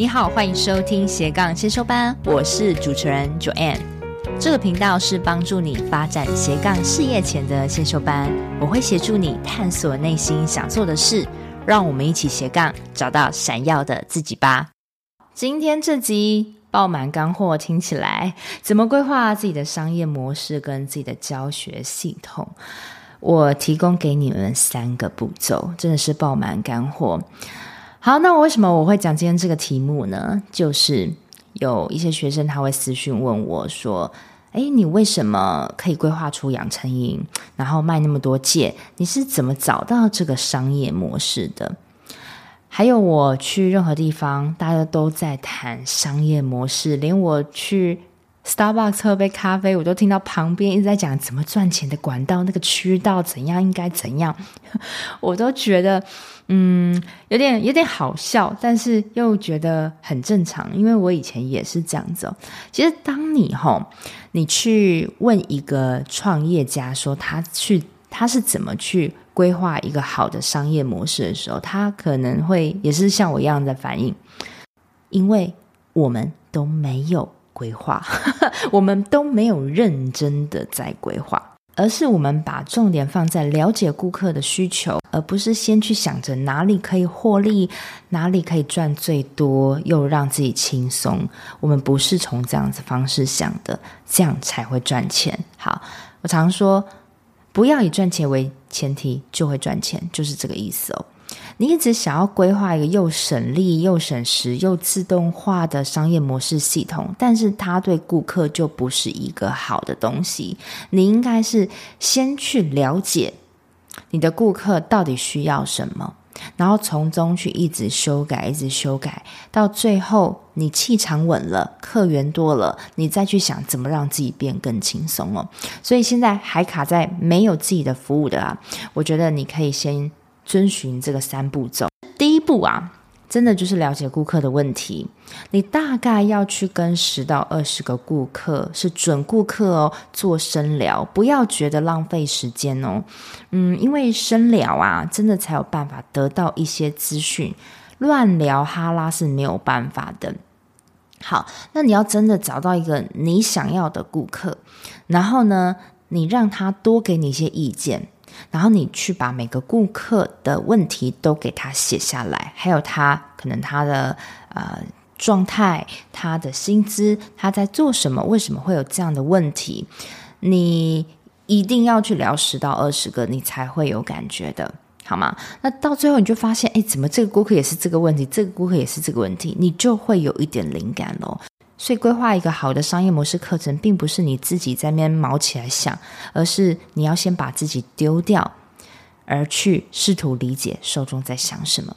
你好，歡迎收聽斜槓先修班，我是主持人 Joanne。這個頻道是幫助你發展斜槓事業前的先修班，我會協助你探索內心想做的事，讓我們一起斜槓找到閃耀的自己吧。今天這集爆滿乾貨，聽起來怎麼規劃自己的商業模式跟自己的教學系統？我提供給你們三個步驟，真的是爆滿乾貨。好，那我為什麼我會講今天這個題目呢？就是有一些學生他會私訊問我說：“哎，你為什麼可以規劃出養成營，然後賣那麼多屆？你是怎麼找到這個商業模式的？”還有，我去任何地方，大家都在談商業模式，連我去。Starbucks 喝杯咖啡，我都聽到旁邊一直在講怎麼賺錢的管道，那個渠道，怎樣應該怎樣， 我都覺得嗯有點有點好笑，但是又覺得很正常，因為我以前也是這樣子，哦。其實當你吼你去問一個創業家說他去他是怎麼去規劃一個好的商業模式的時候，他可能會也是像我一樣的反應，因為我們都沒有。規劃， 我們都沒有認真的在規劃，而是我們把重點放在了解顧客的需求，而不是先去想着哪裡可以獲利，哪裡可以賺最多，又讓自己輕鬆。我們不是從這樣子方式想的，這樣才會賺錢。好，我常說，不要以賺錢為前提，就會賺錢，就是這個意思哦。你一直想要規劃一個又省力又省時又自動化的商業模式系統，但是它對顧客就不是一個好的東西。你應該是先去了解你的顧客到底需要什麼，然後從中去一直修改，一直修改，到最後你氣場穩了，客源多了，你再去想怎麼讓自己變更輕鬆哦。所以現在還卡在沒有自己的服務的啊，我覺得你可以先。遵循這個三步驟，第一步啊，真的就是了解顧客的問題。你大概要去跟十到二十個顧客，是準顧客哦，做深聊，不要覺得浪費時間哦。嗯，因為深聊啊，真的才有辦法得到一些資訊，亂聊哈拉是沒有辦法的。好，那你要真的找到一個你想要的顧客，然後呢，你讓他多給你一些意見。然後你去把每個顧客的問題都給他寫下來，還有他可能他的呃狀態、他的薪資、他在做什麼，為什麼會有這樣的問題？你一定要去聊十到二十個，你才會有感覺的好嗎？那到最後你就發現，誒，怎麼這個顧客也是這個問題，這個顧客也是這個問題，你就會有一點靈感咯。所以，規劃一個好的商業模式課程，並不是你自己在那邊卯起來想，而是你要先把自己丟掉，而去試圖理解受眾在想什麼。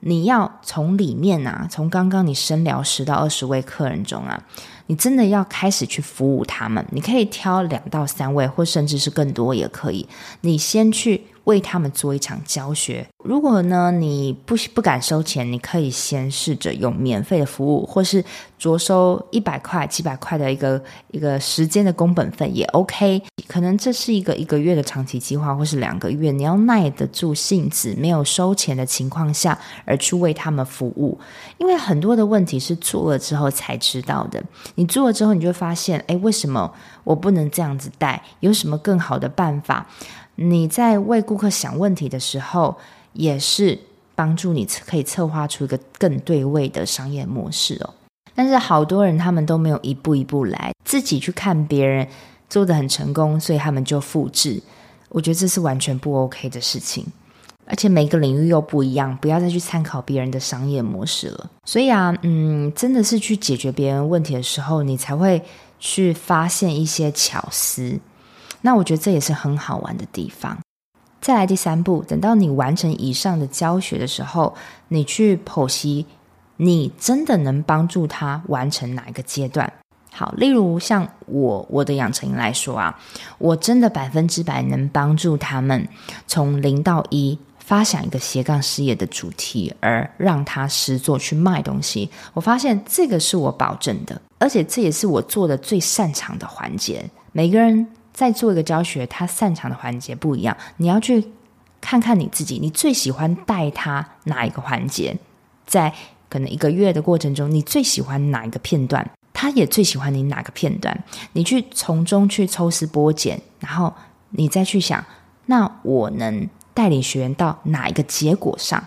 你要從裡面啊，從剛剛你深聊十到二十位客人中啊，你真的要開始去服務他們。你可以挑兩到三位，或甚至是更多也可以。你先去。為他們做一場教學。如果呢，你不不敢收錢，你可以先試着用免費的服務，或是酌收一百塊、幾百塊的一個一個時間的工本費也 OK。可能這是一個一個月的長期計劃，或是兩個月，你要耐得住性子，沒有收錢的情況下而去為他們服務。因為很多的問題是做了之後才知道的。你做了之後，你就會發現，哎，為什麼我不能這樣子帶？有什麼更好的辦法？你在為顧客想問題的時候，也是幫助你可以策劃出一個更對位的商業模式哦。但是好多人他們都沒有一步一步來，自己去看別人做得很成功，所以他們就複製。我覺得這是完全不 OK 的事情，而且每個領域又不一樣，不要再去參考別人的商業模式了。所以啊，嗯，真的是去解決別人問題的時候，你才會去發現一些巧思。那我覺得這也是很好玩的地方。再來第三步，等到你完成以上的教學的時候，你去剖析，你真的能幫助他完成哪一個階段？好，例如像我我的養成營來說啊，我真的百分之百能幫助他們從零到一發想一個斜槓事業的主題，而讓他實作去賣東西。我發現這個是我保證的，而且這也是我做的最擅長的環節。每個人。在做一個教學，他擅長的環節不一樣，你要去看看你自己，你最喜歡帶他哪一個環節？在可能一個月的過程中，你最喜歡哪一個片段？他也最喜歡你哪個片段？你去從中去抽絲剝繭，然後你再去想，那我能帶領學員到哪一個結果上？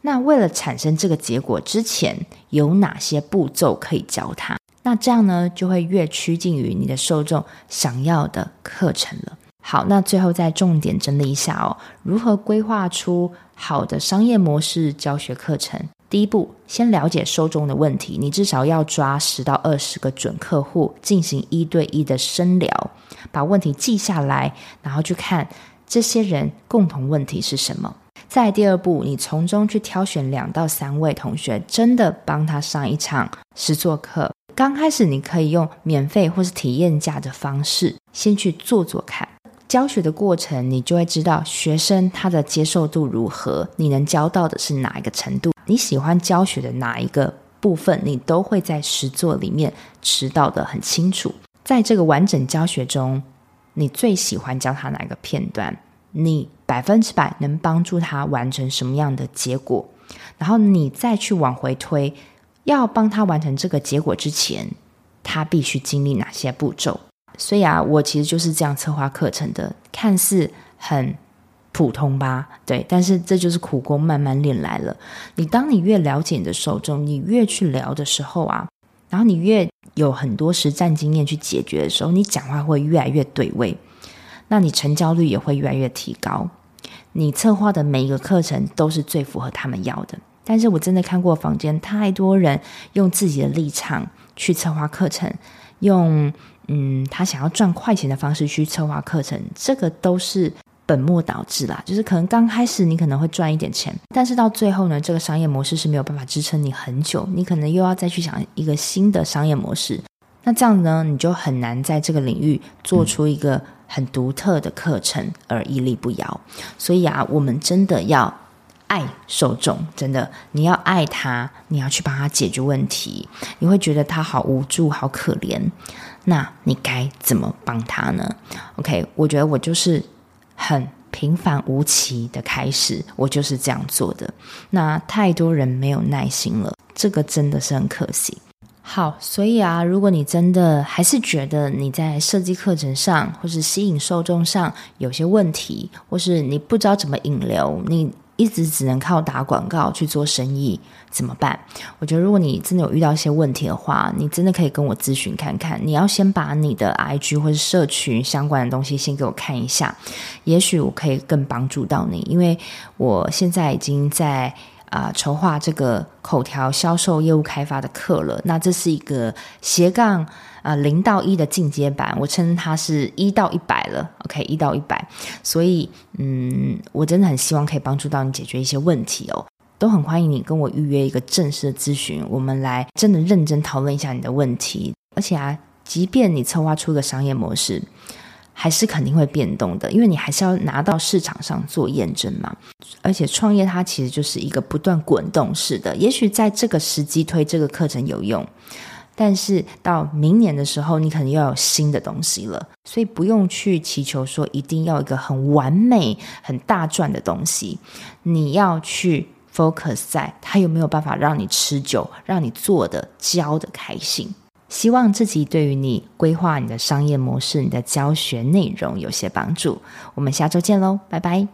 那為了產生這個結果之前，有哪些步驟可以教他？那這樣呢，就會越趨近於你的受眾想要的課程了。好，那最後再重點整理一下哦，如何規劃出好的商業模式教學課程？第一步，先了解受眾的問題，你至少要抓十到二十個準客戶進行一對一的深聊，把問題記下來，然後去看這些人共同問題是什麼。在第二步，你從中去挑選兩到三位同學，真的幫他上一場實作課。剛開始，你可以用免費或是體驗價的方式先去做做看。教學的過程，你就會知道學生他的接受度如何，你能教到的是哪一個程度，你喜歡教學的哪一個部分，你都會在實作裡面知道的很清楚。在這個完整教學中，你最喜歡教他哪一個片段？你。百分之百能幫助他完成什麼樣的結果，然後你再去往回推，要幫他完成這個結果之前，他必須經歷哪些步驟？所以啊，我其實就是這樣策劃課程的，看似很普通吧，對，但是這就是苦功慢慢練來了。你當你越了解你的受眾，你越去聊的時候啊，然後你越有很多實戰經驗去解決的時候，你講話會越來越對位。那你成交率也會越來越提高，你策劃的每一個課程都是最符合他們要的。但是我真的看過房間，太多人用自己的立場去策劃課程，用嗯他想要賺快錢的方式去策劃課程，這個都是本末倒置啦。就是可能剛開始你可能會賺一點錢，但是到最後呢，這個商業模式是沒有辦法支撐你很久，你可能又要再去想一個新的商業模式。那這樣呢，你就很難在這個領域做出一個、嗯。很獨特的課程而屹立不搖，所以啊，我們真的要愛受眾，真的你要愛他，你要去幫他解決問題，你會覺得他好無助、好可憐，那你該怎麼幫他呢？OK，我覺得我就是很平凡無奇的開始，我就是這樣做的。那太多人沒有耐心了，這個真的是很可惜。好，所以啊，如果你真的還是覺得你在設計課程上，或是吸引受眾上有些問題，或是你不知道怎麼引流，你一直只能靠打廣告去做生意，怎麼辦？我覺得，如果你真的有遇到一些問題的話，你真的可以跟我諮詢看看。你要先把你的 IG 或者社群相關的東西先給我看一下，也許我可以更幫助到你。因為我現在已經在。啊、呃，籌劃這個口條銷售業務開發的課了，那這是一個斜槓啊，零、呃、到一的進階版，我稱它是一到一百了。OK，一到一百，所以嗯，我真的很希望可以幫助到你解決一些問題哦，都很歡迎你跟我預約一個正式的諮詢，我們來真的認真討論一下你的問題。而且啊，即便你策劃出個商業模式。還是肯定會變動的，因為你還是要拿到市場上做驗證嘛。而且創業它其實就是一個不斷滾動式的，也許在這個時機推這個課程有用，但是到明年的時候你可能又要有新的東西了。所以不用去祈求說一定要一個很完美、很大賺的東西，你要去 focus 在它有沒有辦法讓你持久，讓你做的、教的開心。希望自己對於你規劃你的商業模式、你的教學內容有些幫助。我們下周見嘍，拜拜。